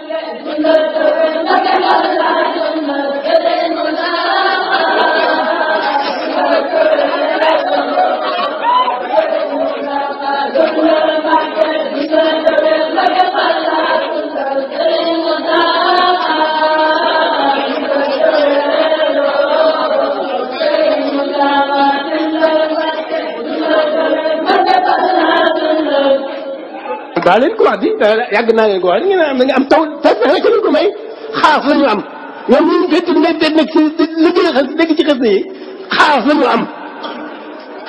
Muhammed ve Sünnet Efendimiz'e kadar Euh, naa leen ko wax di naa leen ko wax ngeen am da nga am taw taw ko may xaas la am ñoom ñun fekk nañ ci xas yi xaas la am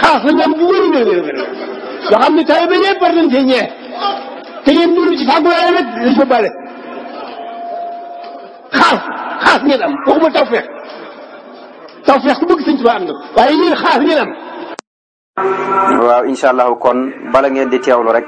xaas la am bu wér wér ne taw bi ñëpp war nañ cee ñee te ngeen dund ci fàggu waaye nag dañ ko bale xaas xaas ngeen am waxuma taw feex taw ku bëgg sëñ Tuubaa am na waaye yéen xaas ngeen am waaw incha allah kon bala ngeen di teewlu rek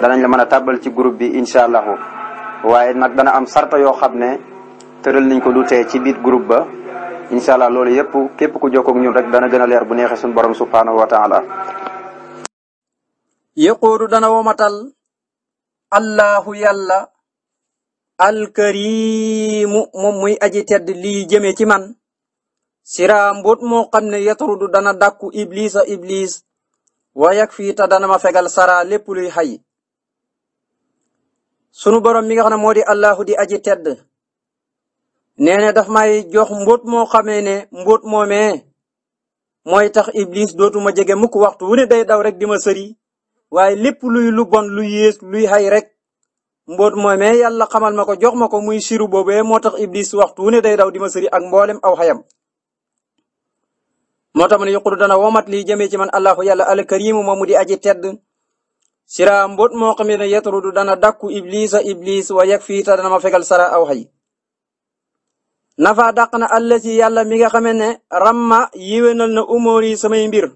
danañ la mën a tàbbal ci group bi incha allahu waaye nag dana am sarta yoo xam ne tëral nañ ko lu tee ci biir group ba incha loolu yëpp képp ku jokkoog ñu rek dana gën a leer bu neexee suñu borom subhaanahu wa taala yëqoodu dana womatal allahu yàlla alkarimu moom muy aji tedd lii jëmee ci man sira mbóot moo xam ne yatarudu dana dàkku iblisa iblis wa yak fii ta dana ma fegal sara lépp luy xay sunu borom mi nga xam ne moo di allahu di aji tedd nee daf may jox mbóot moo xamee ne mbóot moomee mooy tax iblis dootuma jege mukk waxtu wu ne day daw rek di ma sëri waaye lépp luy lu bon lu yées luy xay rek mbóot moomee yàlla xamal ma ko jox ma ko muy siru boobee moo tax iblis waxtu wu ne day daw di ma sëri ak mboolem aw xayam moo tax ma ne yuqulu dana womat lii jëmee ci man allahu yàlla alkarimu moomu di aji tedd sira mbot moo xam ne yatrudu dana dakku iblisa iblis wa yak fii ta dana ma fegal sara aw xay nafa dàq na allati yàlla mi nga xamee ne ramma yiwénal na umóor samay mbir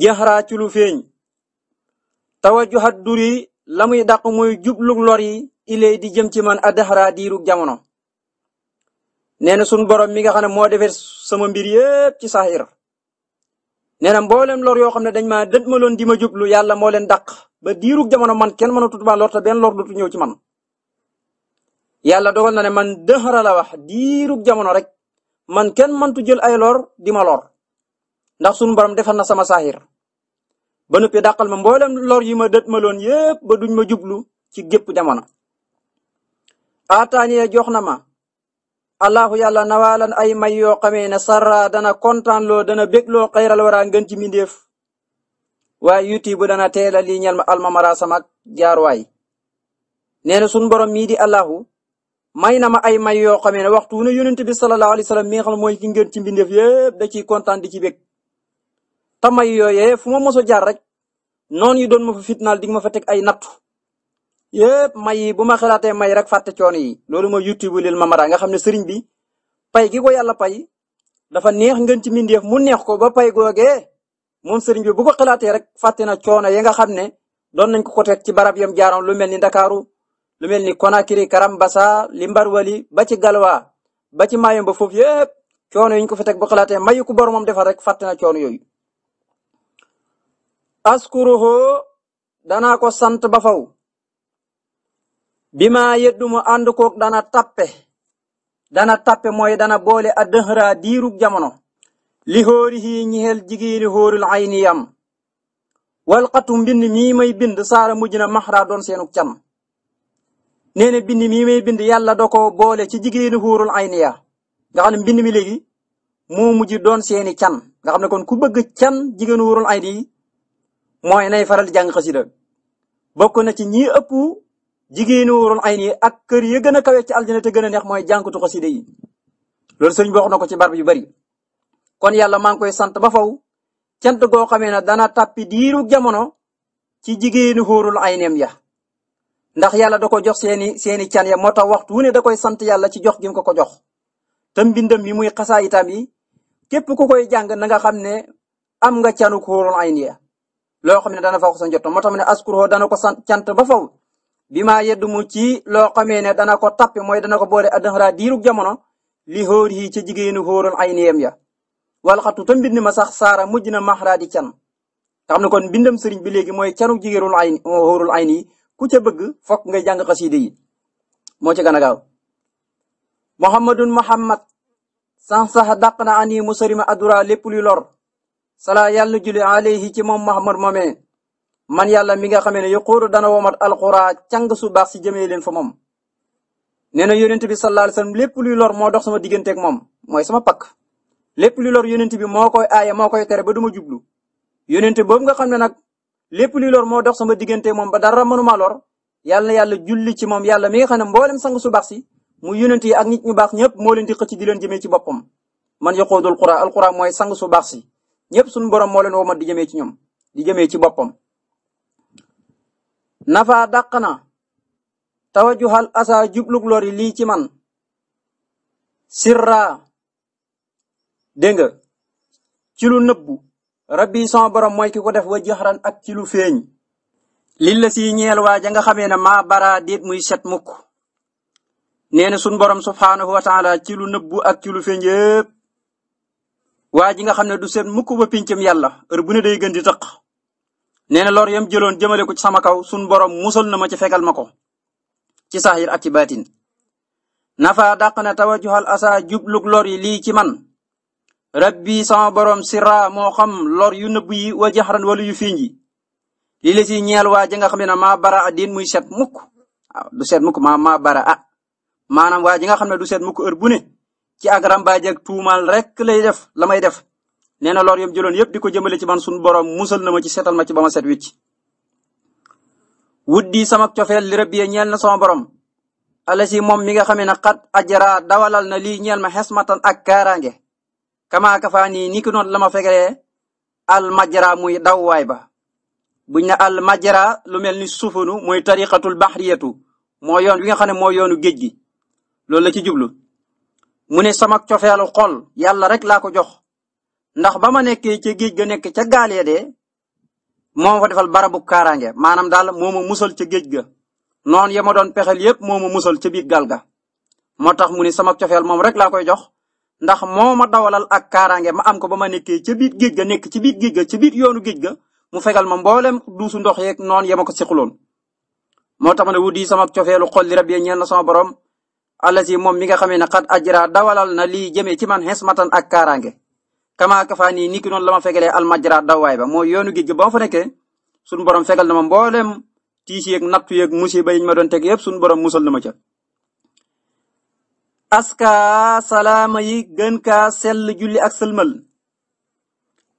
jaxraa ci lu feeñ tawajjuhat duri la muy dàq mooy jublug lor yi ilay di jëm ci man adaxraa diirug jamono nee na sun borom mi nga xam ne moo defee sama mbir yépp ci saxir nee na mboolem lor yoo xam ne dañ maa dëj ma loon di ma jublu yàlla moo leen dàq ba diirug jamono man kenn mënatut maa lor te benn lor dutu ñëw ci man. yàlla dogal na ne man dëxara la wax diirug jamono rek man kenn mëntu jël ay lor di ma lor ndax sunu borom defal na sama saaxir ba noppi dàqal ma mboolem lor yi ma dëj ma loon yépp ba duñ ma jublu ci gépp jamono. ataaniya jox na ma allahu yàlla nawaalan ay may yoo xamee ne sarra dana kontaan loo dana bég loo xayral wara ngën ci mindeef waaye yuti bu dana teela lii ma almamara samak jaarwaay nee na sun borom mii di allahu may na ma ay may yoo xamee ne waxtu wu ne yonent bi wasallam mi nga xam mooy ki ngën ci mbindeef yëpp da ciy kontaan di ci bég te may yooyee fu ma moso jaar rek noonu yi doon ma fa fitnaal di ma fa teg ay nattu yëpp may bu ma xalaatee may rek fàtte coono yi loolu mooy youtube lil mamara nga xam ne sëriñ bi pay ki ko yàlla pay dafa neex ngeen ci mindeef mu neex ko ba pay googee moom sëriñ bi bu ko xalaatee rek fàtte na coono yi nga xam ne doon nañ ko ko teg ci barab yam jaaroon lu mel ni Ndakaaru lu mel ni Konakiri Karambasa Limbarwali ba ci Galwa ba ci ba foofu yëpp coono yi ñu ko fi teg bu xalaatee mayu ko boromam defal rek fàtte na coono yooyu askuruhu danaa ko sant ba bi maa yeddu mu ànd koog dana tappe dana tappe mooy dana boole a dëxraa diirug jamono li xóori xii ñixel jigéeni xóorul ay ni wal walxatu mbind mii may bind sara mujj na maxraa doon seenug cam nee na bind mii may bind yàlla da ko boole ci jigéeni xóorul ay ni ya nga xam ne mbind mi léegi mu mujj doon seeni can nga xam ne kon ku bëgg can jigéenu xóorul ay ni mooy nay faral jàng xasida bokk na ci ñi ëpp jigéen ñi wóorul ay nii ak kër yi gën a kawe ci aljana gën neex mooy jànkatu xasida yi loolu sëñ bi wax na ko ci bar yu bari kon yàlla maa ngi koy sant ba faw cant goo xamee ne dana tàppi diiru jamono ci jigéenu xóorul ay neem ya ndax yàlla da ko jox seeni seeni can ya moo tax waxtu wu ne da koy sant yàlla ci jox gi ko ko jox te mbindam mi muy xasaa itam yi képp ku koy jàng na nga xam ne am nga canu xóorul ay ya loo xam ne dana fa wax sa njot moo tax ne askur dana ko sant cant ba faw bi maa yeddu mu loo xamee ne dana ko tappi mooy dana ko boole addaxaraa diirug jamono li xóor yi ca jigéenu xóorul ay niyam ya walxatu ta mbind ma sax saara mujj na maxraa di can nga xam ne kon bindam sëriñ bi léegi mooy canu jigéenul ay xóorul ku ca bëgg fok ngay jàng xasiide yi moo ci gën a gaaw muhammadun muhammad san sax dàq na ani musarima adura lépp luy lor sala yàlla julli alayhi ci moom muhammad moomee man yàlla mi nga xamee ne yuquuru dana womat alxura càng su baax si jëmee leen fa moom nee na yonent bi sallallahu alayhi wasallam lépp luy lor moo dox sama digganteeg moom mooy sama pakk lépp luy lor yonent bi moo koy aaye moo koy tere ba du ma jublu yonent boobu nga xam ne nag lépp luy lor moo dox sama digganteeg moom ba dara mënuma lor yàlla na yàlla julli ci moom yàlla mi nga xam ne mboolem sang su baax si mu yonent yi ak nit ñu baax ñëpp moo leen di xëcc di leen jëmee ci boppam man yoqoodul qura alqura mooy sang su baax si ñëpp suñu borom moo leen womat di jëmee ci ñoom di jëmee ci boppam nafa dàq na tawajuhal asa jublug lori lii ci man sirra dégg nga ci lu nëbbu rabbi son borom mooy ki ko def wa jaxran ak ci lu feeñ lil la si ñeel waa ja nga xamee ne maa bara déet muy set mukk nee na sun borom subhaanahu wa taala ak ci lu feeñ yëpp waa ji nga xam ne du set mukk ba pincam yàlla heure bu ne day gën di tëq nee na lor yam jëloon jëmale ko ci sama kaw sun borom musal na ma ci fekkal ma ko ci saahir ak ci baatin nafa dàq na tawajuhal asa jublug lor yi lii ci man rabbi sama borom sira moo xam lor yu nëbb yi wa jaxran wala yu fiiñ yi lii la si ñeel waa ji nga xam ne ne maa bara a diin muy set mukk waaw du seet mukk maa ma bara a maanaam waa ji nga xam ne du seet mukk heure bu ne ci ak rambaaje ak tuumaal rek lay def la may def nee na lor yam jëloon yëpp di ko jëmale ci man suñu borom musal na ma ci seetal ma ci ba ma set wicc wut di sama cofeel li rabbi ñeel na sama borom alasi moom mi nga xamee ne xat ajara dawalal na lii ñeel ma xesmatan ak kaaraange kamaa kafaa nii ni ki noonu la ma fegalee al majra muy dawwaay ba bu ne al majra lu mel ni sufunu muy tariqatul baxriyatu moo yoon wi nga xam ne moo yoonu géej gi loolu la ci jublu mu ne sama cofeelu xol yàlla rek laa ko jox ndax ba ma nekkee ca géej ga nekk ca gaal ya de moo ma fa defal barabu kaaraange maanaam daal moo ma musal ca géej ga noon ya ma doon pexeel yépp moo ma musal ca biir gal ga moo tax mu ni sama cofeel moom rek laa koy jox ndax moo ma dawalal ak kaaraange ma am ko ba ma nekkee ca biir géej ga nekk ci biir géej ga ci biir yoonu géej ga mu fegal ma mboolem duusu ndox yeg noon ya ma ko siquloon moo tax ma ne wudi sama cofeelu xol li rabbi ñen na sama borom allasi moom mi nga xamee ne xat dawalal na lii jëmee ci man xes matan ak kaaraange kamaa kafaa nii niki noonu la ma fegalee almajra dawaay ba mooy yoonu gi ba fa nekkee suñu borom fegal na ma mboolem tiis yeeg nattu yeeg musiba yi ma doon teg yëpp suñu borom musal na ma ca. aska salaama yi gën kaa sell julli ak sëlmal.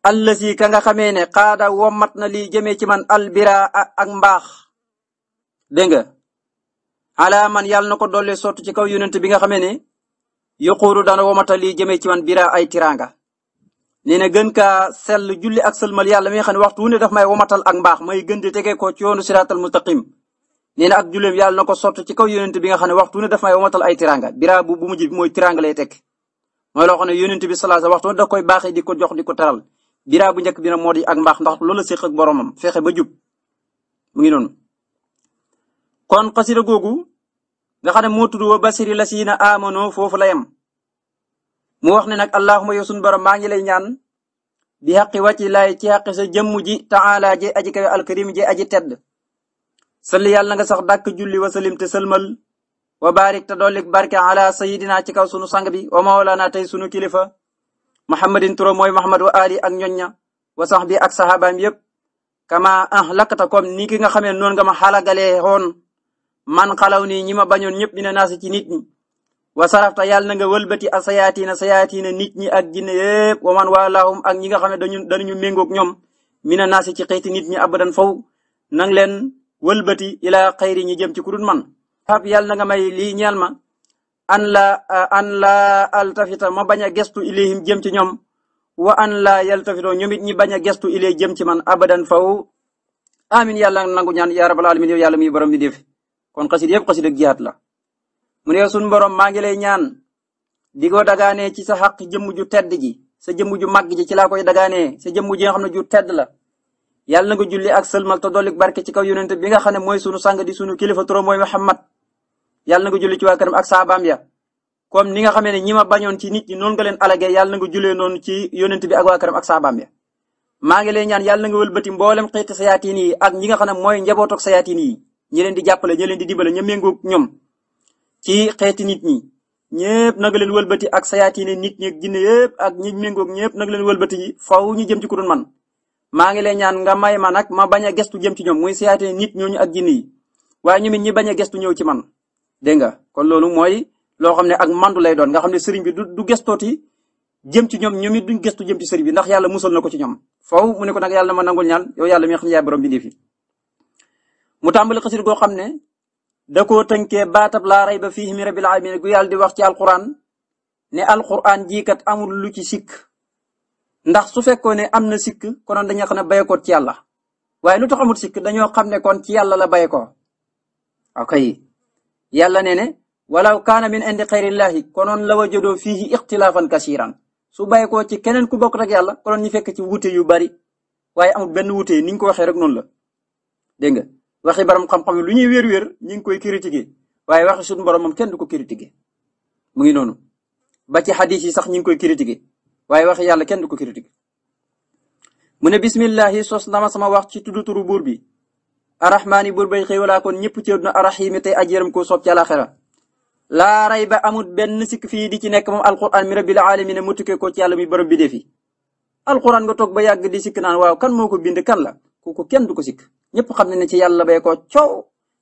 allasi ka nga xamee ne xaada womat na lii jëmee ci man albira ak mbaax. dégg nga ala man yàlla na ko dolli sottu ci kaw yonent bi nga xamee ne. yuquuru dana womata lii jëmee ci man bira ay tiranga nee na gën ka sell julli ak sëlmal yàlla mi nga xam ne waxtu wu ne daf may womatal ak mbaax may gën di tegee ko ci yoonu siraatal mustaqim nee na ak julleem yàlla na ko sott ci kaw yonent bi nga xam ne waxtu wu ne daf may womatal ay tiranga bira bu bu mujj bi mooy tiranga lay tekk mooy loo xam ne yonent bi salaa sa waxtu da koy baaxee di ko jox di ko taral bira bu njëkk bi nag moo di ak mbaax ndax loola séq ak boromam fexe ba jub mu ngi noonu kon xasida googu nga xam ne moo tudd wa basiri la siina amano foofu la yem mu wax ne nag allahuma yow sunu borom maa ngi lay ñaan bi xaqi wàcci laay ci xaqi sa jëmm ji taala je aji kawe alkarim je aji tedd salli yàlla nga sax dàkk julli wa salim te sëlmal wa barik te dollik barke ala sayidina ci kaw sunu sang bi wa mawlana tey sunu kilifa muhammadin turo mooy muhammad wa ali ak ñoñña wa sax bi ak saxaabaam yépp kama ah lakkata kom ni ki nga xamee noonu nga ma xalagalee xoon man xalaw nii ñi ma bañoon ñëpp dina naasi ci nit wa sarafta yàlla na nga wëlbati a sayaatina sayaatina nit ñi ak jinne yëpp wa man waalahum ak ñi nga xam ne dañu dañu méngoog ñoom mina naasi ci xeeti nit ñi abadan faw nang leen walbati ila xayri ñi jëm ci ku man ab yàlla na nga may lii ñeel ma an la an altafita ma bañ a gestu ilayhim jëm ci ñoom wa an la yaltafitoo ñoom it ñi bañ a gestu ilay jëm ci man abadan faw amin yàlla nangu ñaan yaa rabbal alamin yow yàlla muy borom mi def kon xasid yëpp xasid ak la mu ne sunu borom maa ngi lay ñaan di ko dagaanee ci sa xaq jëmm ju tedd ji sa jëmm ju màgg ji ci laa koy dagaanee sa jëmm ji xam ne ju tedd la. yàlla na nga julli ak sëlmal te dolli barke ci kaw yonent bi nga xam ne mooy sunu sang di sunu kilifa turo mooy Muhammad yàlla na nga julli ci waa këram ak saabaam ya. comme ni nga xamee ne ñi ma bañoon ci nit ñi noonu nga leen alagee yàlla na nga jullee noonu ci yonent bi ak waa këram ak saabaam ya. maa ngi lay ñaan yàlla na nga wëlbati mboolem xeeti sayaatiin yi ak ñi nga xam ne mooy njabootu sayaatiin yi ñi leen di jàppale ñi di dimbale ña méngoog ñoom ci xeeti nit ñi ñëpp nag leen wëlbati ak sayaati ne nit ñi jinne yëpp ak ñi méngoog ñëpp nag leen wëlbati yi faw ñu jëm ci ku dul man maa ngi lay ñaan nga may ma nag ma bañ a gestu jëm ci ñoom muy sayaati ne nit ñooñu ak jinne yi waaye ñi bañ a gestu ñëw ci man dégg nga kon loolu mooy loo xam ne ak mandu lay doon nga xam ne sëriñ bi du du gestooti jëm ci ñoom ñoom it duñ gestu jëm ci sëriñ bi ndax yàlla musal na ko ci ñoom faw mu ne ko nag yàlla ma nangul ñaan yow yàlla mi nga xam ne yaay borom da koo tënkee baatab laa rayba fiihi min rabbil aalamiin gu yàlla di wax ci alquran ne alquran jiikat amul lu ci sikk ndax su fekkoon ne am na sikk konoon dañoo xam ne bayekoot ci yàlla waaye lu tax amul sikk dañoo xam ne kon ci yàlla la bayekoo ok yàlla nee ne walaw kaana min indi xayrillaahi konoon la wajadoo fiihi ixtilaafan kasiiran su bayekoo ci keneen ku bokk rek yàlla konoon ñu fekk ci wuute yu bari waaye amul benn wuute niñ ko waxee rek noonu la dégg nga waxi baram xam-xam lu ñuy wér wér ñu ngi koy critiquer waaye waxi suñu borom moom kenn du ko critiquer mu ngi noonu ba ci xadis yi sax ñu ngi koy critiquer waaye waxi yàlla kenn du ko critiquer mu ne bismillahi sos nama sama wax ci tuddu turu buur bi arrahmaani buur bay xéewalaa kon ñëpp ci àdduna arrahiimi tey aj yërëm koo soob ci àlaxira laa ray ba amul benn sikk fii di ci nekk moom alquran mi rabbil alamin mu tukkee ko ci yàlla mi borom bi defi alquran nga toog ba yàgg di sikk naan waaw kan moo ko kan la kooku kenn du ko sikk ñëpp xam ne ne ci yàlla bay ko coow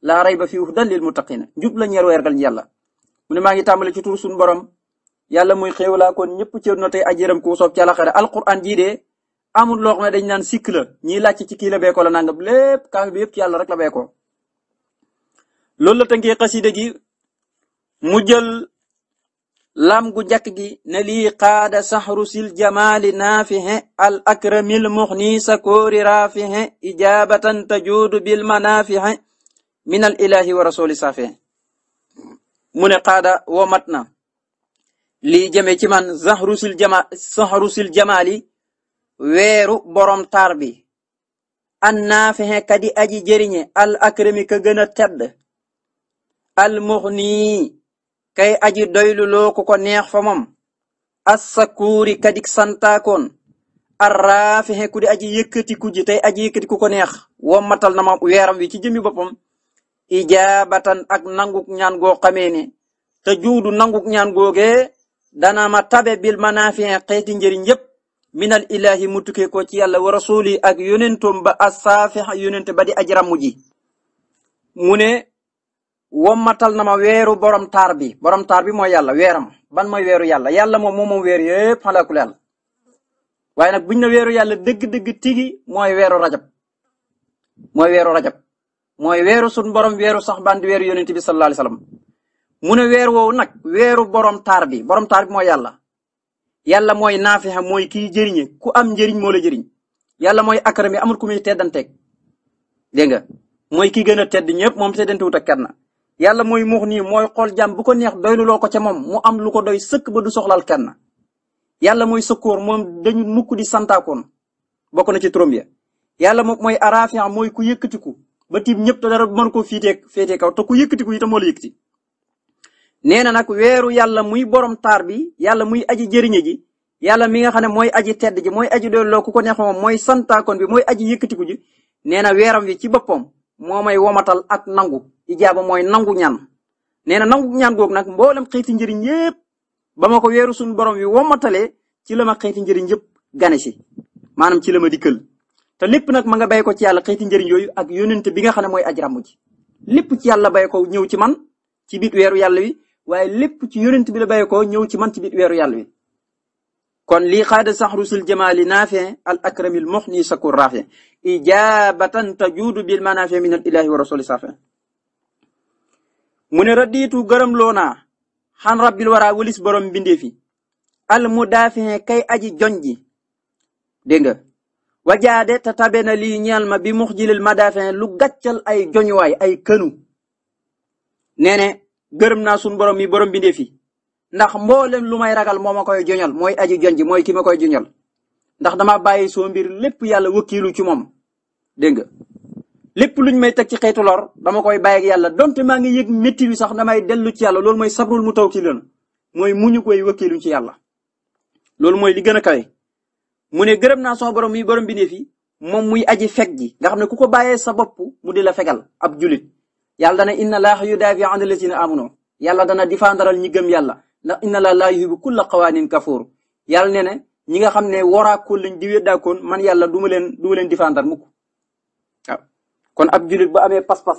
laa rayba fi hudan lil muttaqina njub la ñeer weergal yàlla mu ne maa ngi tàmbale ci tur borom yàlla muy xéewlaa kon ñëpp ci na tey ajiram ku soob ci alaxira alquran jii de amul loo xam ne dañ naan la ñiy laajte ci kii la beekoo la nangam lépp kaaf bi yëpp ci yàlla rek la beekoo loolu gi mu jël lam gu gi ne lii qaada saxru sil jamaali naafixe al akramil muxni sakoori raafixe ijaabatan tajuudu bil manaafixe min al ilahi wa rasuli safixe mu ne qaada woo mat na lii jëme ci man saxru sil jama weeru borom taar bi an naafixe kadi aji jëriñe al akrami tedd al muxni kay aji doylu loo ku ko neex fa moom assakuuri kadik santaakoon arrafixe ku di aji yëkkati ku tey aji yëkkati ku ko neex wom matal na ma weeram wi ci jëmmi boppam ijaabatan ak nanguk ñaan goo xamee ne te juudu nanguk ñaan googe dana ma tabe bil manaafixe xeeti njëriñ yëpp minal ilahi mu tukkee ko ci yàlla wa rasuli ak yonentom ba asaafixe yonente ba di aji ramu ji wommatal na ma weeru borom taar bi borom taar bi mooy yàlla weeram ban mooy weeru yàlla yàlla moom moo moom weer yëpp xalaakul yàlla waaye nag buñ ne weeru yàlla dëgg-dëgg tigi mooy weeru rajab mooy weeru rajab mooy weeru sun borom weeru sax ban di weeru yonent bi sallallahu alayhi wasallam mu ne weer woowu nag weeru borom taar bi borom taar bi mooy yàlla yàlla mooy naafixa mooy ki jëriñe ku am njëriñ moo la jëriñ yàlla mooy akram yi amul ku muy teddanteeg dégg nga mooy ki gën a tedd ñëpp moom teddante wut ak kenn yàlla mooy muux nii mooy xool jàmm bu ko neex doyluloo ko ca moom mu am lu ko doy sëkk ba du soxlaal kenn yàlla mooy sëkkoor moom dañu mukk di santaakoon bokk na ci turam ya yàlla moom mooy arafian mooy ku yëkkatiku ba tiim ñëpp te dara mën koo fiitee féetee kaw te ku yëkkatiku itam moo la yëkkati nee na nag weeru yàlla muy borom taar bi yàlla muy aji jëriñe ji yàlla mi nga xam ne mooy aji tedd ji mooy aji doyloo ku ko neex moom mooy santaakoon bi mooy aji yëkkatiku ji nee na weeram wi ci boppam moo may womatal ak nangu ijaaba mooy nangu ñaan nee na nangu ñaan googu nag mboolem xeeti njëriñ yëpp ba ma ko weeru suñu borom wi wommatale ci la ma xeeti njëriñ yëpp gane si maanaam ci la ma dikkal te lépp nag ma nga bay ko ci yàlla xeeti njëriñ yooyu ak yónent bi nga xam ne mooy aji ràmm ji lépp ci yàlla bay ko ñëw ci man ci biit weeru yàlla wi waaye lépp ci yónent bi la bay ko ñëw ci man ci biit weeru yàlla wi kon lii xaada saxrusul jamaali naafi al akramil muxni sakur raafi ijaabatan tajuudu bil manaafi min al ilaahi wa rasuli saafi mu ne radiitu gërëm loo naa xan rabbil waraa wëlis borom bindee fi al mu daafin kay aji joñ ji dégg nga wajaade te tabe na lii ñeel ma bi mux jilil madaafin lu gàccal ay joñuwaay ay kënu nee ne gërëm naa sun borom mi borom bindee fi ndax mboolem lu may ragal moo ma koy joñal mooy aji joñ ji mooy ki ma koy joñal ndax dama bàyyi soo mbir lépp yàlla wëkkiilu ci moom lépp luñ may teg ci xeetu lor dama koy bàyyi ak yàlla donte maa ngi yëg métti wi sax damay dellu ci yàlla loolu mooy sabrul mu taw ci leen mooy ñu koy wëkkeelu ci yàlla. loolu mooy li gën a kawe mu ne gërëm naa sama borom mi borom bi ne fii moom muy aji fekk ji nga xam ne ku ko bàyyee sa bopp mu di la fegal ab julit yàlla dana inna laaha yudaafi an allazina amanu yàlla dana difaandaral ñi gëm yàlla ndax inna laa laa yuhibbu kulla qawaanin kafuur yàlla ne ne ñi nga xam ne waraakoo lañ di weddaakoon man yàlla du leen du ma leen difaandar mukk kon ab julit bu amee pas-pas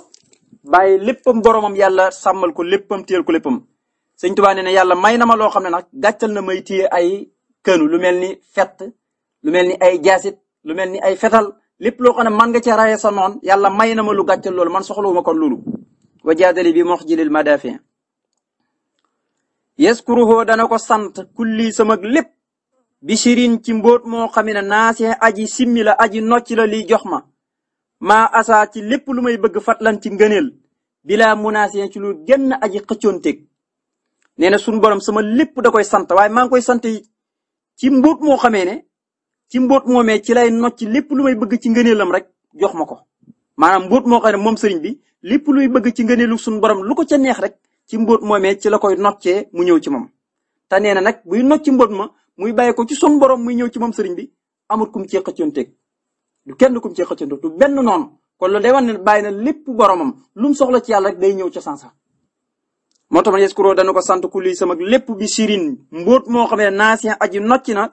bàyyi léppam boromam yàlla sàmmal ko léppam téyel ko léppam sëñ Tuubaa nee na yàlla may na ma loo xam ne nag gàccal na may téye ay kënu lu mel ni fet lu mel ni ay jaasit lu mel ni ay fetal lépp loo xam ne man nga cee raye sa noon yàlla may na ma lu gàccal loolu man soxlawuma kon loolu wa jaadali bi mox jilil madafi yaskuruhu dana ko sant kulli sama lépp bi sirin ci mboot moo xam ne naasee aji simmi la aji nocc la lii jox ma maa asaa ci lépp lu may bëgg fatlan ci ngëneel bilaa munaasin ci lu genn aji xëccoonteeg nee na sunu borom sama lépp da koy sant waaye maa ngi koy sant ci mboot moo xamee ne ci mbóot moomee ci lay nocc lépp lu may bëgg ci ngëneelam rek jox ma ko maanaam mboot moo xam ne moom sëriñ bi lépp luy bëgg ci ngëneelu sunu borom lu ko ca neex rek ci mboot moomee ci la koy noccee mu ñëw ci moom. te nee na nag buy nocc mboot ma muy bàyyi ko ci sunu borom muy ñëw ci moom sëriñ bi amut kum cee xëccoonteeg du kenn kum ci xëccandoo du benn noon kon loolu day wan ne bàyyi na lépp boromam lu mu soxla ci yàlla rek day ñëw ca sansa moo tax ma yeskuroo dana ko sant ku li sama lépp bi sirin mbóot moo xamee naasien aji nocci na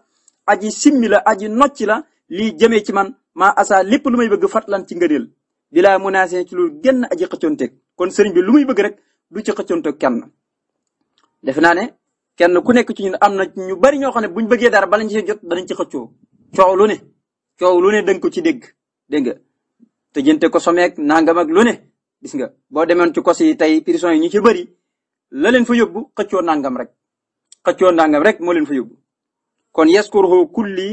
aji simila la aji nocci la lii jëmee ci man ma asa lépp lu may bëgg fatlan ci ngëneel di laa mu naasien ci lool genn aji xëccoonteeg kon sëriñ bi lu muy bëgg rek du ci xëccoonteeg kenn defe naa ne kenn ku nekk ci ñun am na ñu bari ñoo xam ne buñ bëggee dara bala ci jot danañ ci xëccoo coow lu coow lu ne ko ci dégg dégg nga te jënte ko someek nangam ak lune ne gis nga boo demoon ci kos yi tey prison yi ñu ci bëri la leen fa yóbbu xëccoo nangam rek xëccoo nangam rek moo leen fa yóbbu kon yaskuruhu kulli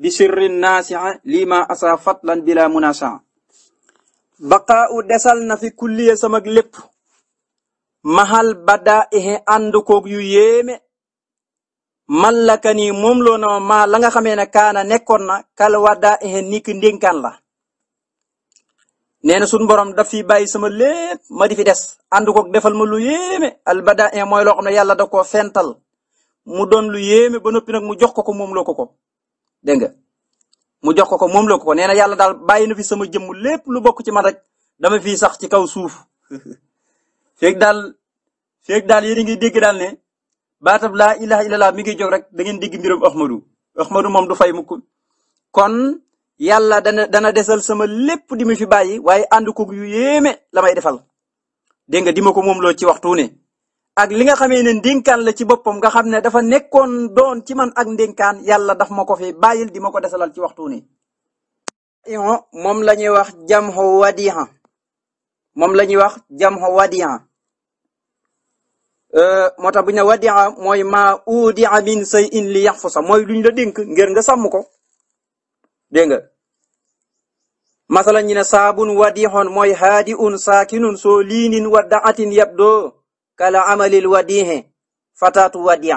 bi sirrin naasiha lima asa fatlan bila munasa baqaau desal na fi kulliye samak lépp mahal bada ihe ànd koog yu yéeme mallaka nii moom loo na ma la nga xamee ne kaana nekkoon na kal wadda ni ki ndénkaan la nee na suñu borom daf fi bàyyi sama lépp ma di fi des ànd defal ma lu yéeme albada in e mooy xam ne yàlla da koo fental mu doon lu yéeme ba noppi nag mu jox ko ko moom loo ko ko dégg nga mu jox ko ko moom loo ko ko nee na yàlla daal bàyyi na fi sama jëmm lépp lu bokk ci man rek dama fi sax ci kaw suuf feeg daal feeg daal yéen a ngi dégg daal ne baatab laa ilaha illallah mi ngi jóg rek da ngeen digg mbiram Ahmadu Ahmadu moom du fay mukk kon yàlla dana dana desal sama lépp di ma fi bàyyi waaye ànd yu yéeme la may defal dégg nga di ko moom loo ci waxtu ne ak li nga xamee ne dinkaan la ci boppam nga xam ne dafa nekkoon doon ci man ak ndénkaan yàlla daf ma ko fi bàyyil di ma ko desalal ci waxtu ne moom la ñuy wax jamxu wadiha moom la ñuy wax jamxu wadiha Euh, moo tax bu ñu ne mooy maa udia min say in li sa mooy lu ñu la dénk ngir nga sàmm ko dégg nga masala ñu ne saabun wadixoon mooy haadi un saakinun soo liinin wa daatin yabdoo kala amalil wadixe fataatu wadia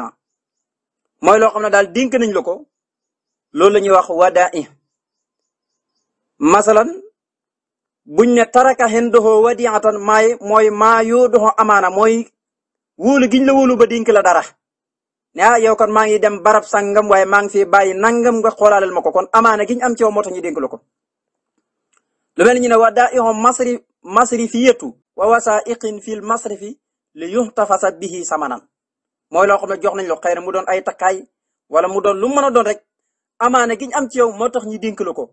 mooy loo xam ne daal dénk nañ la ko loolu la ñuy wax wadai masalan buñ taraka hen doxoo wadiatan amaana mooy wóolu giñ la wóolu ba dénk la dara ne ah yow kon maa ngi dem barab sangam waaye maa ngi fi bàyyi nangam nga xoolaalal ma ko kon amaana giñ am ci yow moo tax ñu dénk la ko. lu mel ñu ne wa daa'ihum masri masrifiyatu wa wasaa'iqin fil masrifi li yuhtafasa bihi samanan mooy loo xam ne jox nañ la xëy na mu doon ay takkaay wala mu doon lu mën a doon rek amaana giñ am ci yow moo tax ñu dénk ko.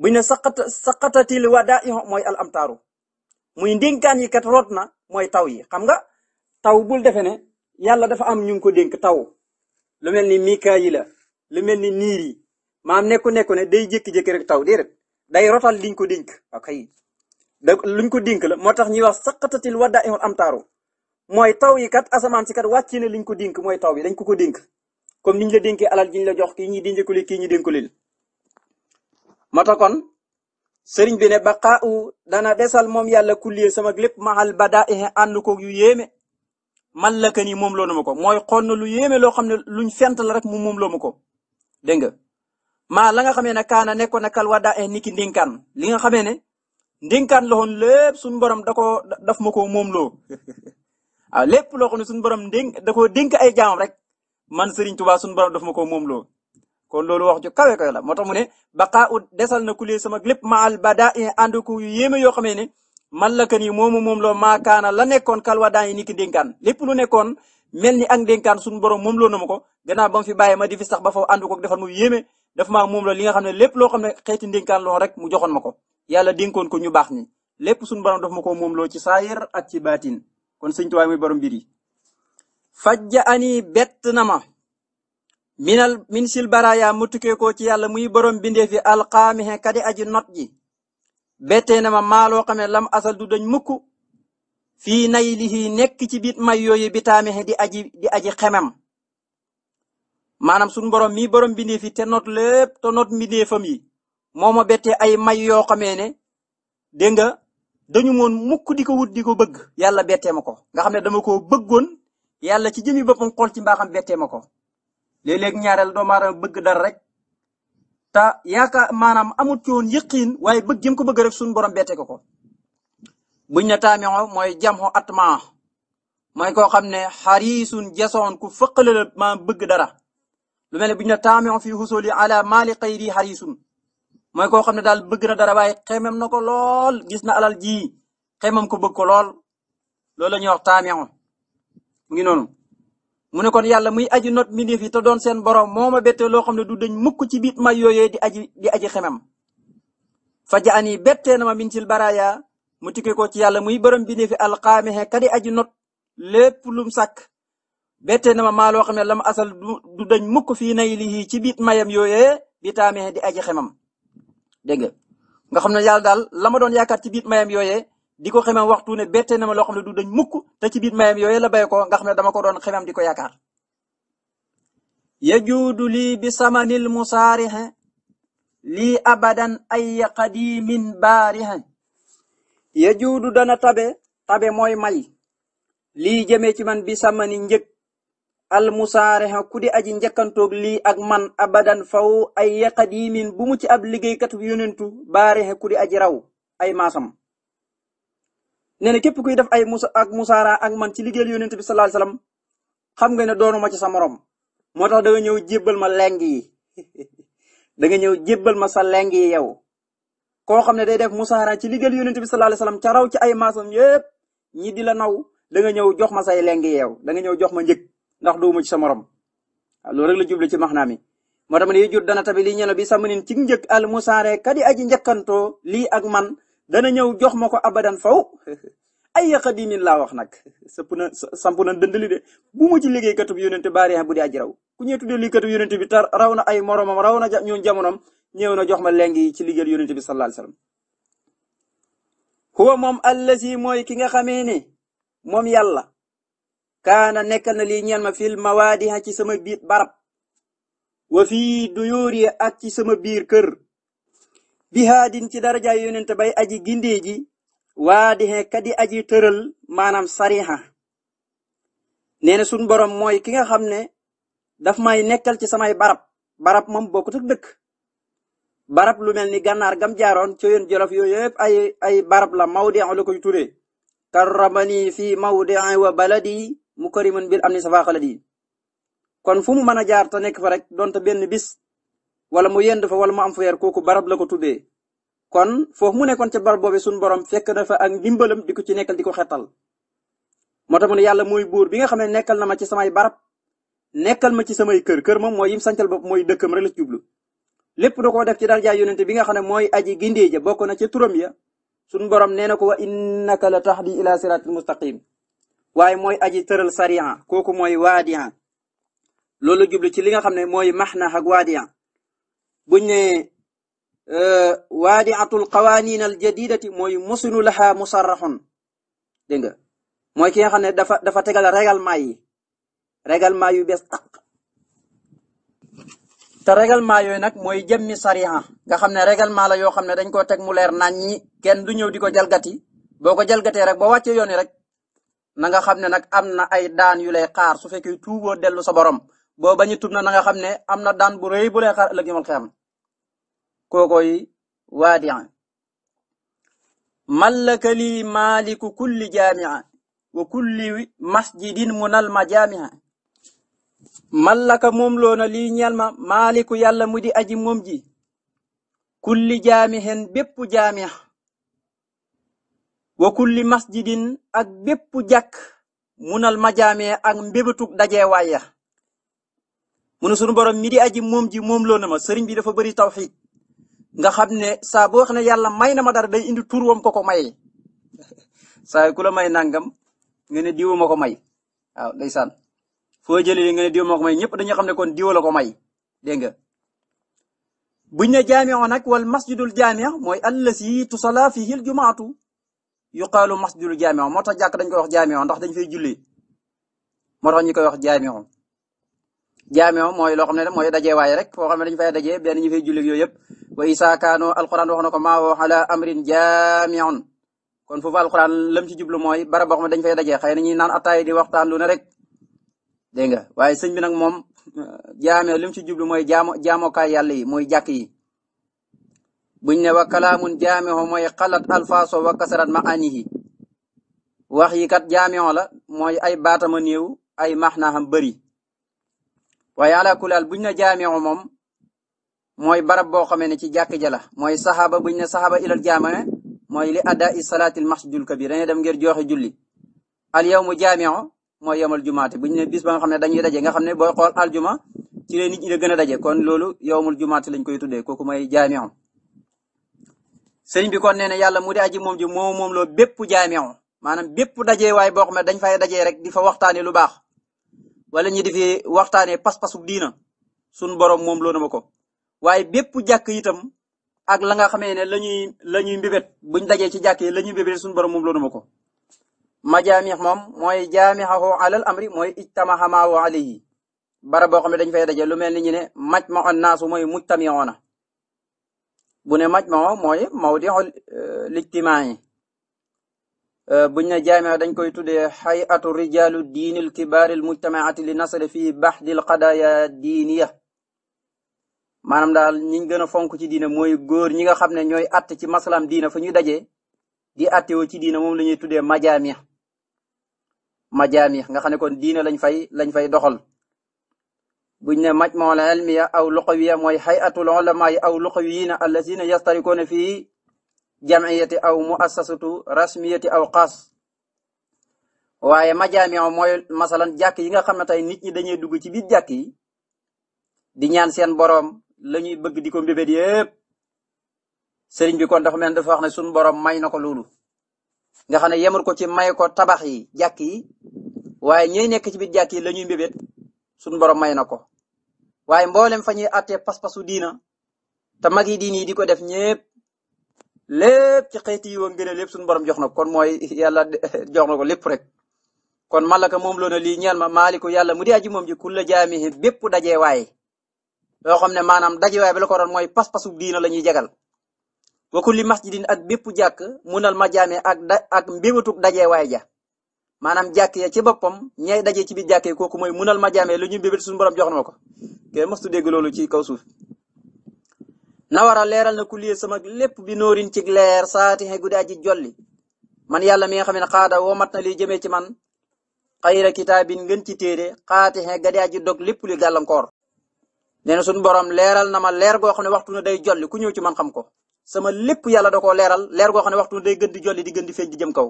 bu ñu ne saqata saqatatil wadaa'ihum mooy al amtaaru muy ndénkaan yi kat root na mooy taw yi xam nga. taw bul defe ne yàlla dafa am ñu ngi ko dénk taw lu mel ni mikaayila lu mel ni niir yi maam nekku nekku ne day jékki-jékki rek taw déedéet day rotal liñ ko dénk ok da luñ ko dénk la moo tax ñuy wax saqatatil wadda imul am taaru mooy taw yi kat asamaan si kat wàcce na liñ ko dénk mooy taw bi dañ ko ko dénk comme niñ la dénkee alal jiñ la jox kii ñi dénkul kii ñi dénkul moo tax kon sëriñ bi ne baqaaw dana desal moom yàlla kulliye sama lépp maxal ba daa ànd koog yu yéeme mallaka nii moom loo na ma ko mooy xool na lu yéeme loo xam ne luñ fent la rek mu moom loo ma ko dégg nga maa la nga xamee na kaana nekkoon na kal waa daa niki ndénkaan li nga xamee ne ndénkaan la woon lépp suñu borom da koo daf ma ko moom loo waaw lépp loo xam ne suñu borom dénk da koo dénk ay jaamam rek man Serigne Touba suñu borom daf ma ko moom loo kon loolu wax ju kawe kawe la moo tax mu ne baqaa ut desal na kulee sama lépp maal ba daa ànd ko yu yéeme yoo xamee ne mallaka nii moomu moom loo maakaana la nekkoon kalwa daan yi ni ki dénkaan lépp lu nekkoon mel ni ak dénkaan suñu borom moom loo na ma ko gannaaw ba mu fi bàyyi ma di sax ba fa ànd ko defal mu yéeme dafa maa moom la li xam ne lépp loo xam ne xeeti dénkaan loon rek mu joxoon ma ko yàlla dénkoon ko ñu baax ni lépp suñu borom daf ma ko moom loo ci saayir ak ci baatin kon sëñ Tuubaa muy borom mbir yi fajja ani bett na ma minal min sil baraya mu tukkee ko ci yàlla muy borom bindee fi alqaamihe kadi aji bettee na ma maa loo xamee lam asal du dañ mukk fii nay lii nekk ci biit may yooyu bi di aji di aji xemem maanaam suñu borom mii borom bindee fi te not lépp te not mbindeefam yi moo ma bettee ay may yoo xamee ne dégg nga dañu moon mukk di ko wut di ko bëgg yàlla bettee ma ko nga xam ne dama koo bëggoon yàlla ci jëmi boppam kol ci mbaxam bettee ma ko léeg-léeg ñaareel doomu bëgg dara rek te yaakaar maanaam amut ci woon yëqiin waaye bëgg gi ko bëgg rek suñu borom bette ko ko buñ ne taameo mooy jamxo atma mooy ko xam ne xarisun jasoon ku fëqale ma bëgg dara lu mel ne buñ ne taameo fii xusuli ala mali xayri xarisun mooy koo xam ne daal bëgg na dara waaye xemem na ko lool gis na alal ji xemem ko bëgg ko lool loolu la ñuy wax taameo mu ne kon yàlla muy aji not mbindeef yi te doon seen borom moo ma bette loo xam ne du dañ mukk ci biit may yooyee di aji di aji xemam faja ani bettee na ma min sil baraya mu tukkee ci yàlla muy borom mbindeef yi alxaamexe kadi aji not lépp lum sàkk bettee na ma maa loo xam ne lam asal du dañ mukk fii nay lii ci biit mayam yooyee di di aji xemam dégg nga xam ne yàlla daal la ma doon yaakaar ci biit mayam yooyee di ko xemam waxtu ne bette na ma loo du dañ mukk te ci biir mayam yooyu la bay ko nga xam ne dama ko doon xemam di ko yaakaar yajuudu lii bi samanil musaarixe lii abadan ay qadimin baarixe yajuudu dana tabe tabe mooy may lii jëmee ci man bi samani njëg al musaarixe ku di aji njëkkantoog lii ak man abadan faw ay qadimin bu mu ci ab liggéeykat yonentu baarixe ku di aji raw ay maasam nee na képp kuy def ay musa ak musaara ak man ci liggéey yonent bi sallallahu alayhi xam nga ne doonuma ci sa morom moo tax da nga ñëw jébbal ma leng yi da nga ñëw jébbal ma sa lengi yi yow koo xam ne day def musaara ci liggéeyal yonent bi sallallahu alayhi wasallam ca raw ci ay maasam yépp ñi di la naw da nga ñëw jox ma say leng yi yow da ñëw jox ma njëg ndax dooma ci sa morom waaw loolu rek la jublu ci max maxnaa mi moo tax ma ne jur dana tabi lii ñeno bi samanin ci njëkk al musaare kadi aji njëkkantoo lii ak man dana ñëw jox ma ko abadan faw ay xadimin laa wax nag sëpp na samp na dëndali de bu mu ci liggéey katub yonente baari bu dee aji ku ñee tuddee liggéey katub yonente bi tar raw na ay moromam raw na ñoon jamonom ñëw na jox ma leng yi ci liggéeyal yonente bi sallallahu alayhi wasallam huwa moom allazi mooy ki nga xamee ni moom yàlla kaana nekkal na lii ñeen ma fil mawaadiha ci sama biir barab wa fii duyuuri ak ci sama biir kër bi ci dara ja yonent bay aji gindee ji waa di kadi aji tëral maanaam sariha nee na suñ borom mooy ki nga xam ne daf may nekkal ci samay barab barab moom bokkut ak dëkk barab lu mel ni gànnaar gam jaaroon ci yoon jolof yooyu yëpp ay ay barab la mawdi'u la koy turee karramani fi mawdi'i wa baladi mukariman bil amni safa xaladi kon fu mu mën a jaar te nekk fa rek donte benn bis wala mu yend fa wala mu am fa weer kooku barab la ko tuddee kon foof mu nekkoon ca barab boobe suñu borom fekk na fa ak ndimbalam di ko ci nekkal di ko xetal moo tax mu ne yàlla mooy buur bi nga xam ne nekkal na ma ci samay barab nekkal ma ci samay kër kër moom mooy yim sancal bopp mooy dëkkam rek la ci jublu lépp da koo def ci darajaa yonente bi nga xam ne mooy aji gindee ja bokk na ca turam ya suñu borom nee na ko wa innaka la tax tahdi ila siratil mustaqim waaye mooy aji tëral sariya kooku mooy waadiya loolu jublu ci li nga xam ne mooy maxna ak waadiya buñ ne e, waadiatul qawanin al jadidati mooy musinu laha musarraxun dégg nga mooy ki nga xam ne dafa dafa tegal règlement yi règlement yu bees tàq te règlement yooyu nag mooy jëmmi sariya nga xam ne règlement la yoo xam ne dañ koo teg mu leer nañ ñi kenn du ñëw di ko jalgati boo ko jalgatee rek boo wàccee yoon yi rek na nga xam ne nag am na ay daan yu lay xaar su fekkee tuuboo dellu sa borom boo bañu tub na na nga xam ne am na daan bu rëy bu lay xaar ëllëg yomal xiyam kookoy waadian munal ma jaamia mallaka moom loona lii ñeel ma yàlla mu di aji moom ji kulli jaamixen bépp jaamix wa kulli ak bépp jàkk munal ma jaamee ak mbébatug dajee waaya mu ne sunu borom mi di aji moom ji moom loo na ma sëriñ bi dafa bëri tawxiid nga xam ne saa boo xam ne yàlla may na ma dara day indi tur wom ko ko mayee saa ku la may nangam nga ne diw ko may waaw ndeysaan foo jëlee nga ne may ñëpp dañuy xam ne kon diw la ko may dégg nga. buñ ne jaamiu nag wal masjidul jaamiu mooy allasi tusala fihi al jumaatu yuqaalu masjidul jaamiu moo tax jàkk dañ koy wax jaamiu ndax dañ fay julli moo tax koy wax jaamiu jaame moom mooy loo xam ne mooy daje waaye rek foo xam ne dañu fay daje benn ñu fay jullit yëpp wa isa kaano alquran wax na ko ma woo ala amrin jaamiun kon foofu alquran lam ci jublu mooy barab boo xam ne dañu fay daje xëy na ñuy naan ataay di waxtaan lu ne rek dégg nga waaye sëñ bi nag moom jaame lim ci jublu mooy jaamo jaamokaay yàlla yi mooy jàkk yi buñ ne wa kalaamun jaamiho mooy xalat alfaaso wa kasarat maanihi wax yi kat jaamio la mooy ay baatama new ay maxnaaxam bëri waaye ala kulal buñ na jaamiu moom mooy barab boo xamee ne ci jàkk ja la mooy saxaaba buñ ne saxaaba ilal jaamia mooy li ada i salaatil masjidul kabir dañuy dem ngir joxe julli al yawmu jaamiu mooy yawmal jumaate buñ ne bis ba nga xam ne dañuy daje nga xam ne booy xool aljuma ci la nit ñi da gën a daje kon loolu yawmul jumaate lañ koy tuddee kooku mooy jaamiu sëriñ bi kon nee na yàlla mu di aji moom ji moom moom loo bépp jaamiu maanaam bépp daje waaye boo xam ne dañ fay daje rek di fa waxtaanee lu baax wala ñu di fi waxtaanee pas-pasu diina sunu borom moom loo na ma ko waaye bépp jàkk itam ak la nga xamee ne la ñuy la ñuy buñ dajee ci jàkk yi la ñuy mbébét sunu borom moom loo na ma ko. majaamix moom mooy jaamixahu alal amri mooy ijtamaha maahu alayhi barab boo xam ne dañ fay daje lu mel ni ñu ne maj ma on naasu mooy mujtamiyoona bu ne maj ma mooy mawdixul euh, lijtimaa Euh, buñ ne jaamia dañ koy tuddee hay'atu rijalu diini l kibaari l mujtamaati li nasari fii baxdil qadaaya diiniya maanaam daal ñiñ gën a fonk ci diina mooy góor ñi nga xam ne ñooy att ci masalam diina fa ñuy dajee di attewoo ci diina moom la ñuy tuddee majaamia majaamia nga xam ne kon diina lañ fay lañ fay doxal buñ ne majmaul aw luqawiya mooy hay'atul ulama yi aw luqawiyina allazina jamiyati aw muassasatu rasmiyati aw xaas waaye majaamiu mooy masalan jàkk yi nga xam ne tey nit ñi dañuy dugg ci biir jàkk yi di ñaan seen boroom lañuy bëgg di ko mbébét yépp sëriñ bi kon dafa mel dafa ne suñu boroom may na ko loolu nga xam ne yemul ko ci may ko tabax yi jàkk yi waaye ñooy nekk ci biir jàkk yi la ñuy suñu boroom may na ko waaye mboolem fa ñuy àttee pas-pasu diina te mag yi diin di ko def ñépp lépp ci xeeti yi wa ngëneel lépp suñu borom jox na kon mooy yàlla jox na ko lépp rek kon malaka moom loo na lii ñeel ma maaliku yàlla mu di aji moom ji ku la jaamihi bépp dajee waaye xam ne maanaam daje waaye bi la ko doon mooy pas-pasu diina la ñuy jagal wa kulli masjidin ak bépp jàkk munal ma jaame ak da ak mbébatug dajee waaye ja maanaam jàkk ya ci boppam ñay dajee ci biir jàkk ko ku mooy munal ma jaame lu ñu mbébat suñu borom jox na ma ko kenn dégg loolu ci kaw suuf nawara leeral na ku liye sama lépp bi noorin ci leer saati xe guddi aji jolli man yàlla mi nga xam ne xaada mat na li jëmee ci man xayira kitaabin ngën ci téere xaati xe gadi aji dog lépp li gàllankoor nee na suñu borom leeral na ma leer goo xam ne waxtu na day jolli ku ñëw ci man xam ko sama lépp yàlla da koo leeral leer goo xam ne waxtu day gën di jolli di gën di feeñ di jëm kaw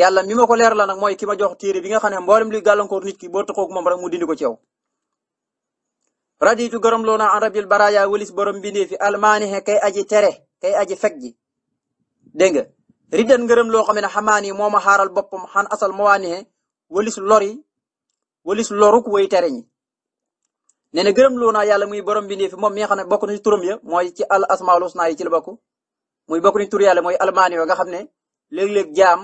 yàlla mi ma ko leeral la nag mooy ki ma jox téere bi nga xam ne mboolem li gàllankoor nit ki boo ko ci yow raditu gërëm loo naa an rabil baraya walis borom bindee fi almaanixe kay aji tere kay aji fekk ji dégg nga ridan ngërëm loo xam ne xamaan yi moo ma xaaral boppam xan asal mawaanixe walis lori walis loruk way tere ñi nee na gërëm loo naa yàlla muy borom bindee fi moom mi nga xam ne bokk na ci ya mooy ci al asmaul husna yi ci la bokk muy bokk na ci tur yàlla mooy almaani nga xam ne léeg-léeg jaam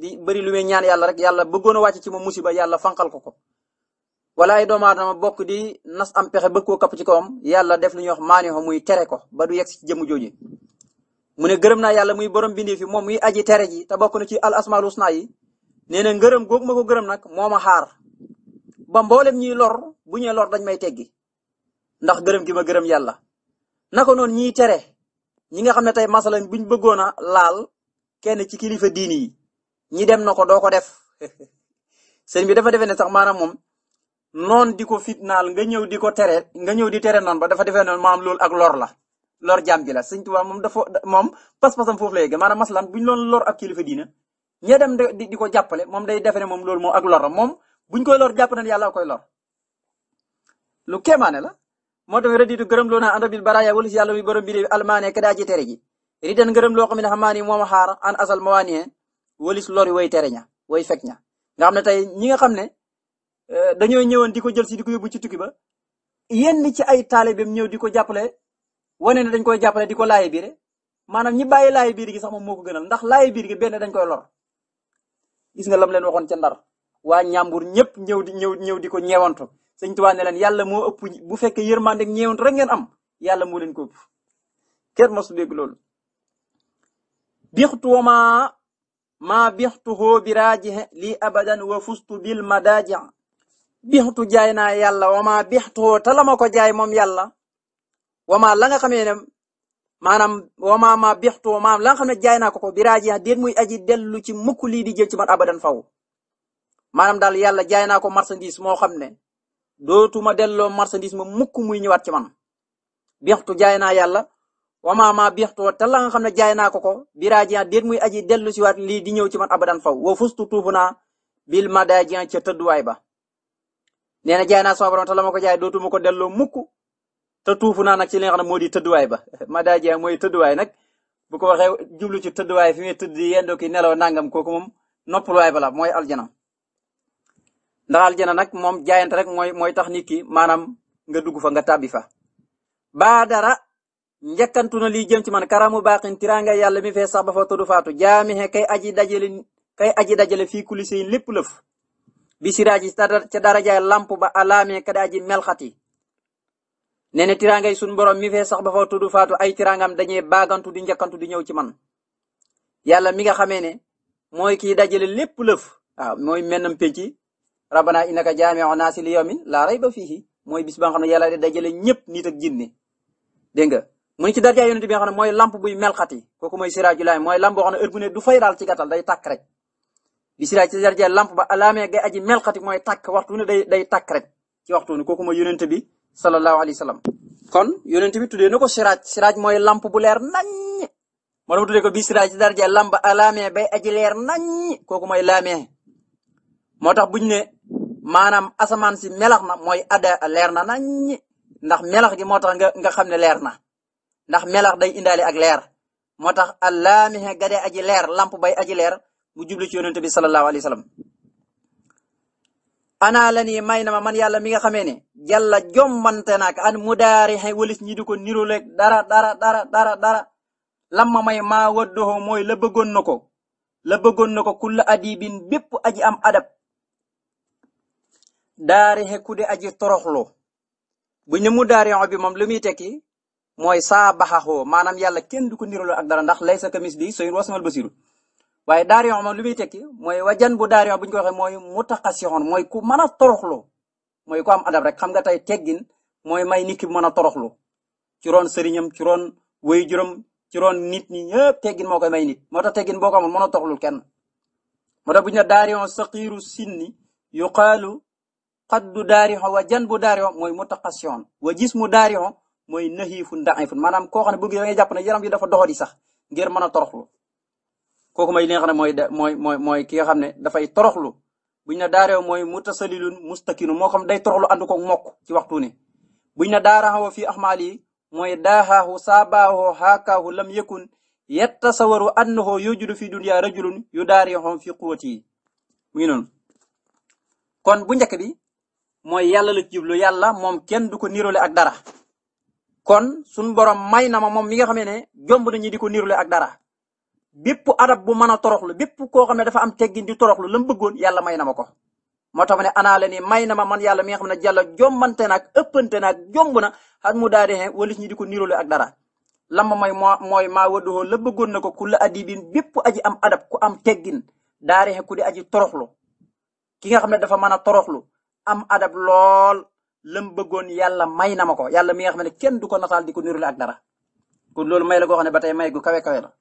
di bëri lu muy ñaan yàlla rek yàlla bëggoon a wàcc ci moom musiba yàlla fanqal ko ko wala ay doomu aadama bokk di nas am pexe bëgg koo kapp ci kawam yàlla def lu ñuy wax maanixo muy tere ko ba du yegg ci jëmm jooju mu ne gërëm naa yàlla muy borom bindee fi moom muy aji tere ji te bokk na ci al asmaul husna yi nee na ngërëm googu ma ko gërëm nag moo ma xaar ba mboolem ñiy lor bu ñee lor dañ may teggi ndax gërëm gi ma gërëm yàlla naka noonu ñiy tere ñi nga xam ne tey masalan buñ bëggoon a laal kenn ci kilifa diini yi ñi dem na ko doo ko def sëñ bi dafa defee ne sax maanaam moom noon di ko fitnaal nga ñëw di ko tere nga ñëw di tere noon ba dafa defee noonu maam lool ak lor la lor jàmm bi la sëñ Tuubaa moom dafa moom pas-pasam foofu la yegg maanaam maslan bu ñu loon lor ab kilifa diina ña dem di ko jàppale moom day defe ne moom loolu moo ak lor la moom buñ koy lor jàpp na yàlla koy lor lu kéemaane la moo tax reditu gërëm loo naa ànd bil baraaya wala si yàlla bi borom bi almaane ka ji tere gërëm loo xam ne xamaa ni moom xaar an asal mawaaniyee walis lori way tere ña way fekk ña nga xam ne ne Euh, dañoo ñëwoon di ko jël si di ko yóbbu ci tukki ba yenn ci ay taalibeem ñëw di ko jàppale wane ne dañ koy jàppale di ko laaye biire maanaam ñi bàyyi laaye biir gi sax moom moo ko gënal ndax laye biir gi benn dañ koy lor gis nga lam leen waxoon ca ndar waa ñàmbur ñëpp ñëw di ñëw ñëw di ko ñeewantu sëñ Tuubaa leen yàlla moo ëpp bu fekkee yërmande ak ñeewantu rek ngeen am yàlla moo leen ko ëpp kenn masu dégg loolu bixtu wama ma bixtuhoo biraaji li abadan wa fustu bil madaaji bixtu jaay naa yàlla wama bixtuwoo te la ma ko jaay moom yàlla wama la nga xamee ne maanaam wama ma bixtuwoo maanaam la nga xam ne jaay naa ko ko biraaji déet muy aji dellu ci mukk lii di jël ci man abadan faw maanaam daal yàlla jaay naa ko marchandise moo xam ne dootuma delloo marchandise ma mukk muy ñëwaat ci man bixtu jaay naa yàlla wama ma bixtuwoo te la nga xam ne jaay naa ko ko biraaji déet muy aji dellu si waat lii di ñëw ci man abadan faw wa fustu tuubu naa bil madaaji ca tëdduwaay ba nee na jaay naa ma ko jaay dootuma ko delloo mukk te tuufu naa nag ci li nga xam ne moo di tëdduwaay ba ma daa jaay mooy tëdduwaay nag bu ko waxee jublu ci tëdduwaay fi muy tëdd yendoo ki nelaw nangam kooku moom noppaluwaay ba la mooy aljana ndax aljana nag moom jaayante rek mooy mooy tax nit ki maanaam nga dugg fa nga tàbbi fa. ba dara njëkkantu na liy jëm ci man karamu baaxin tiraanga yàlla mi fee sax ba fa tëddu faatu jaamixe kay aji dajale kay aji dajale fii kulli seen lépp lëf bi siraaji ca darajaay lamp ba alaamee kadaaji melxati nee na tiraangay sun borom mi fee sax ba fa tudd faatu ay tiraangam dañuy baagantu di njëkkantu di ñëw ci man yàlla mi nga xamee ne mooy kii dajale lépp lëf waaw mooy mennam penc rabbana innaka jaami'un naasi li yawmin laa rayba fiihi mooy bis ba nga xam ne yàlla de dajale ñëpp nit ak jinne dégg nga mu ngi ci darajaay yonent xam ne mooy lamp buy melxati kooku mooy siraaju laay mooy lamp boo xam ne heure du fay daal ci gàttal day tàkk rek bi siraa ci darja lamp ba alaamee gay aji melxati mooy tàkk waxtu ne day day tàkk rek ci waxtu ne kooku mooy yonent bi sallallahu alayhi wa sallam kon yonent bi tuddee na ko siraaj siraaj mooy lamp bu leer naññ moo tax ko bi siraa ci darja lamp ba alaamee bay aji leer naññ kooku mooy laamee moo tax buñ ne maanaam asamaan si melax na mooy ada leer na naññ ndax melax gi moo tax nga nga xam ne leer na ndax melax day indaale ak leer moo tax alaamee gade aji leer lamp bay aji leer mu jublu ci yonent bi sallallahu alayhi wa ana la nii may na ma man yàlla mi nga xamee ne yàlla jommante naak an mu daari walis ñi di ko niroleeg dara dara dara dara dara lam ma may maa waddoxoo mooy la bëggoon na ko la bëggoon na ko kulla adibin bépp aji am adab daari xëy ku de aji toroxloo bu ñu mu daari bi moom lu muy tekki mooy saa baxaxoo maanaam yàlla kenn du ko niroloo ak dara ndax laysa kamis bi sooy wasmal basiru waaye daarion moom li muy tekki mooy wajan bu daarion bu ñu ko waxee mooy mutaqasihoon mooy ku mën a toroxlu mooy ku am adab rek xam nga tey teggin mooy may nit ki mën a toroxlu ci roon sëriñam ci roon wéy juróom ci roon nit ñi ñëpp teggin moo ko may nit moo tax teggin boo ko amoon mën a toroxlul kenn moo tax bu ñu ne daarion saqiiru sinni yuqaalu xaddu daarion wa jan bu daarion mooy mutaqasihoon wa gis mu daarion mooy naxiifun daifun maanaam koo xam ne bëgg da ngay jàpp na yaram bi dafa doxadi sax ngir mën a toroxlu kooku may li nga ne mooy mooy mooy mooy ki nga xam ne dafay toroxlu buñ ne daareew mooy mutasalilun mustakinu moo xam day toroxlu ànd koog mokk ci waxtu bu buñ ne daaraxoo fii axmaal yi mooy daaxaahu saabaahu xaakaahu lam yakun yattasawaru annahu yujudu fi dunya rajulun yu daarihum fi quwwati mu ngi noonu kon bu njëkk bi mooy yàlla la jublu yàlla moom kenn du ko nirole ak dara kon suñ borom may na ma moom mi nga xam ne jomb nañu di ko nirole ak dara bépp arab bu mën a toroxlu bépp koo xam ne dafa am teggin di toroxlu la mu bëggoon yàlla may na ma ko moo tax ma ne anaa la may na ma man yàlla mi nga xam ne jàlla jombante nag ëppante nag jomb na xat mu daa dee walis di ko niroole ak dara la ma may moo mooy maa wadduhoo la bëggoon na ko ku la adibin bépp aji am adab ko am teggin daa dee ku di aji toroxlu ki nga xam ne dafa mën a toroxlu am adab lool lam bëggoon yàlla may na ma ko yàlla mi nga xam ne kenn du ko nataal di ko niroole ak dara kon loolu may la goo xam ne ba tey may gu kawe kawe la